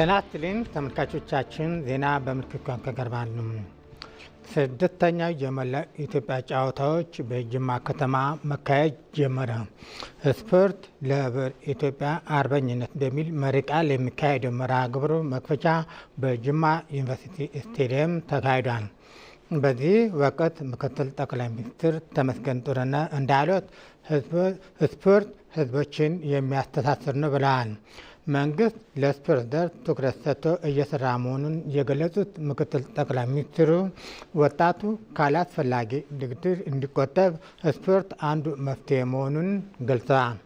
ጤና ተመልካቾቻችን፣ ዜና በምልክት ቋንቋ ይቀርባል። ስድስተኛው የመላ ኢትዮጵያ ጨዋታዎች በጅማ ከተማ መካሄድ ጀመረ። ስፖርት ለኢትዮጵያ አርበኝነት በሚል መሪ ቃል የሚካሄደው መርሃ ግብሩ መክፈቻ በጅማ ዩኒቨርሲቲ ስቴዲየም ተካሂዷል። በዚህ ወቅት ምክትል ጠቅላይ ሚኒስትር ተመስገን ጥሩነህ እንዳሉት ስፖርት ህዝቦችን የሚያስተሳስር ነው ብለዋል። መንግስት ለስፖርት ዘር ትኩረት ሰጥቶ እየሰራ መሆኑን የገለጹት ምክትል ጠቅላይ ሚኒስትሩ ወጣቱ ካላስፈላጊ ድግድር እንዲቆጠብ ስፖርት አንዱ መፍትሄ መሆኑን ገልጸዋል።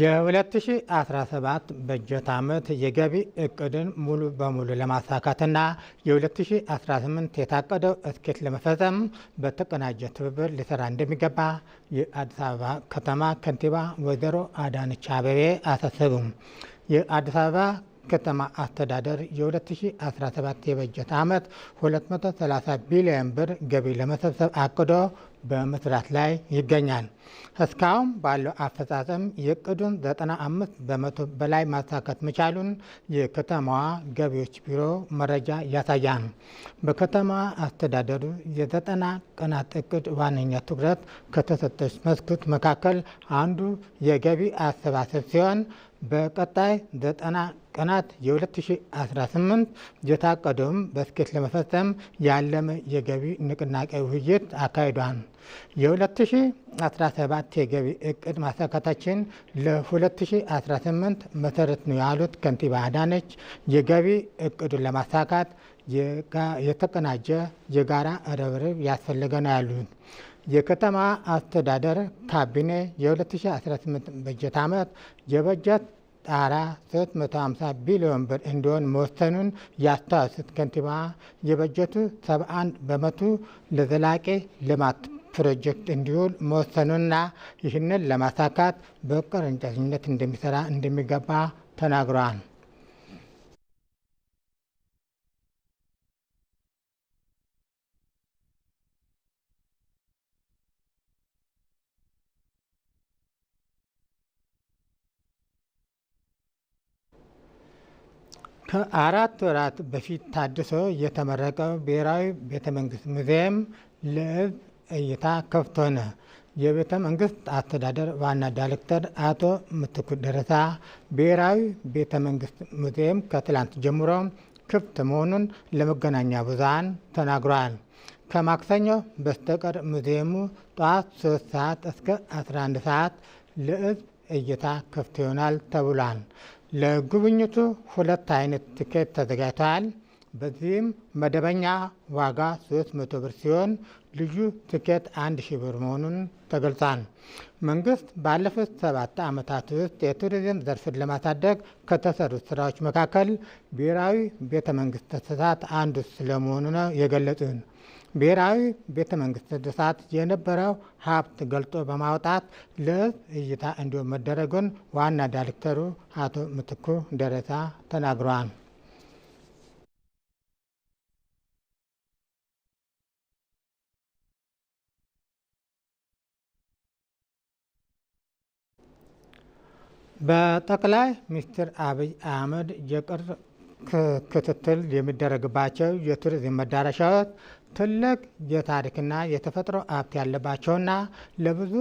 የ2017 በጀት ዓመት የገቢ እቅድን ሙሉ በሙሉ ለማሳካትና የ2018 የታቀደው እስኬት ለመፈጸም በተቀናጀ ትብብር ሊሰራ እንደሚገባ የአዲስ አበባ ከተማ ከንቲባ ወይዘሮ አዳነች አቤቤ አሳሰቡ። የአዲስ አበባ ከተማ አስተዳደር የ2017 የበጀት ዓመት 230 ቢሊዮን ብር ገቢ ለመሰብሰብ አቅዶ በመስራት ላይ ይገኛል። እስካሁን ባለው አፈጻጸም የእቅዱን 95 በመቶ በላይ ማሳካት መቻሉን የከተማዋ ገቢዎች ቢሮ መረጃ ያሳያል። በከተማ አስተዳደሩ የዘጠና ቀናት እቅድ ዋነኛ ትኩረት ከተሰጠች መስኮች መካከል አንዱ የገቢ አሰባሰብ ሲሆን በቀጣይ ዘጠና ቀናት የ2018 የታቀደውም በስኬት ለመፈጸም ያለመ የገቢ ንቅናቄ ውይይት አካሂዷል። የ2017 የገቢ እቅድ ማሳካታችን ለ2018 መሰረት ነው ያሉት ከንቲባ አዳነች የገቢ እቅዱን ለማሳካት የተቀናጀ የጋራ ርብርብ ያስፈለገ ነው ያሉት። የከተማ አስተዳደር ካቢኔ የ2018 በጀት ዓመት የበጀት ጣራ 350 ቢሊዮን ብር እንዲሆን መወሰኑን ያስታወሱት ከንቲባ የበጀቱ 71 በመቶ ለዘላቂ ልማት ፕሮጀክት እንዲውል መወሰኑና ይህንን ለማሳካት በቁርጠኝነት እንደሚሰራ እንደሚገባ ተናግሯል። ከአራት ወራት በፊት ታድሶ የተመረቀው ብሔራዊ ቤተ መንግስት ሙዚየም ለሕዝብ እይታ ክፍት ሆነ። የቤተ መንግስት አስተዳደር ዋና ዳይሬክተር አቶ ምትኩ ደረሳ ብሔራዊ ቤተ መንግስት ሙዚየም ከትላንት ጀምሮ ክፍት መሆኑን ለመገናኛ ብዙሃን ተናግሯል። ከማክሰኞ በስተቀር ሙዚየሙ ጠዋት 3 ሰዓት እስከ 11 ሰዓት ለሕዝብ እይታ ክፍት ይሆናል ተብሏል። ለጉብኝቱ ሁለት አይነት ትኬት ተዘጋጅተዋል። በዚህም መደበኛ ዋጋ 300 ብር ሲሆን ልዩ ትኬት ሺ ብር መሆኑን ተገልጿል። መንግስት ባለፉት ሰባት ዓመታት ውስጥ የቱሪዝም ዘርፍን ለማሳደግ ከተሰሩት ስራዎች መካከል ብሔራዊ ቤተ መንግስት ተሳት አንዱ ስለመሆኑ ነው የገለጹን። ብሔራዊ ቤተ መንግስት እድሳት የነበረው ሀብት ገልጦ በማውጣት ለህዝብ እይታ እንዲሁም መደረጉን ዋና ዳይሬክተሩ አቶ ምትኩ ደረሳ ተናግረዋል። በጠቅላይ ሚኒስትር አብይ አህመድ የቅርብ ክትትል የሚደረግባቸው የቱሪዝም መዳረሻዎች ትልቅ የታሪክና የተፈጥሮ ሀብት ያለባቸውና ለብዙ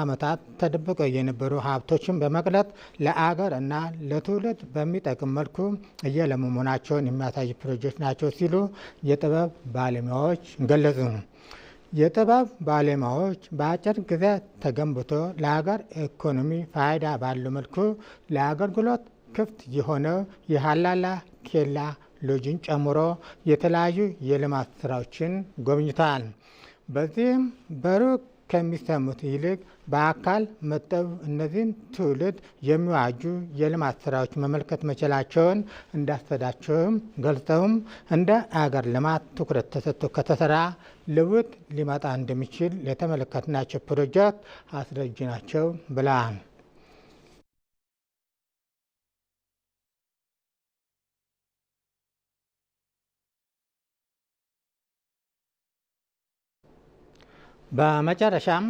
ዓመታት ተደብቀው የነበሩ ሀብቶችን በመቅለጥ ለአገር እና ለትውልድ በሚጠቅም መልኩ እየለሙ መሆናቸውን የሚያሳይ ፕሮጀክት ናቸው ሲሉ የጥበብ ባለሙያዎች ገለጹ። የጥበብ ባለሙያዎች በአጭር ጊዜ ተገንብቶ ለሀገር ኢኮኖሚ ፋይዳ ባለው መልኩ ለአገልግሎት ክፍት የሆነው የሀላላ ኬላ ሎጅን ጨምሮ የተለያዩ የልማት ስራዎችን ጎብኝተዋል። በዚህም በሩቅ ከሚሰሙት ይልቅ በአካል መጠብ እነዚህን ትውልድ የሚዋጁ የልማት ስራዎች መመልከት መቻላቸውን እንዳስተዳቸውም ገልጸውም እንደ አገር ልማት ትኩረት ተሰጥቶ ከተሰራ ለውጥ ሊመጣ እንደሚችል የተመለከትናቸው ፕሮጀክት አስረጅ ናቸው ብለዋል። በመጨረሻም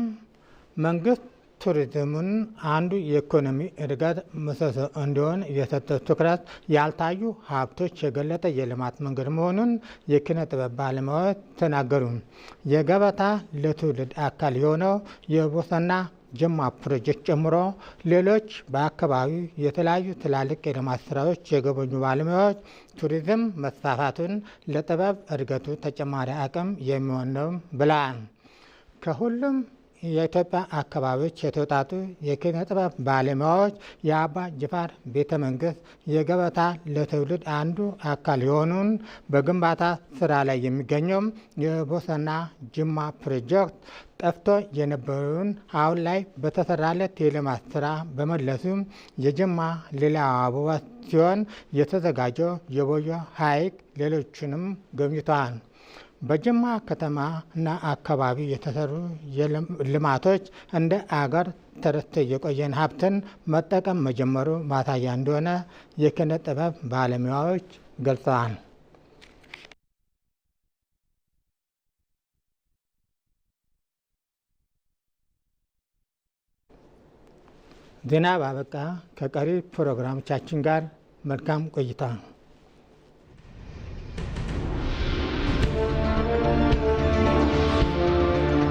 መንግስት ቱሪዝምን አንዱ የኢኮኖሚ እድገት ምሰሶ እንዲሆን የሰጠ ትኩረት ያልታዩ ሀብቶች የገለጠ የልማት መንገድ መሆኑን የኪነ ጥበብ ባለሙያዎች ተናገሩ። የገበታ ለትውልድ አካል የሆነው የቦሰና ጅማ ፕሮጀክት ጨምሮ ሌሎች በአካባቢው የተለያዩ ትላልቅ የልማት ስራዎች የጎበኙ ባለሙያዎች ቱሪዝም መስፋፋቱን ለጥበብ እድገቱ ተጨማሪ አቅም የሚሆን ነው ብለዋል። ከሁሉም የኢትዮጵያ አካባቢዎች የተውጣጡ የኪነ ጥበብ ባለሙያዎች የአባ ጅፋር ቤተ መንግስት የገበታ ለትውልድ አንዱ አካል የሆኑን በግንባታ ስራ ላይ የሚገኘውም የቦሰና ጅማ ፕሮጀክት ጠፍቶ የነበረውን አሁን ላይ በተሰራለት የልማት ስራ በመለሱ የጅማ ሌላ አበባ ሲሆን የተዘጋጀው የቦዮ ሐይቅ ሌሎችንም ጎብኝተዋል። በጅማ ከተማና አካባቢ የተሰሩ ልማቶች እንደ አገር ተረት የቆየን ሀብትን መጠቀም መጀመሩ ማሳያ እንደሆነ የኪነ ጥበብ ባለሙያዎች ገልጸዋል። ዜና አበቃ ከቀሪ ፕሮግራሞቻችን ጋር መልካም ቆይታ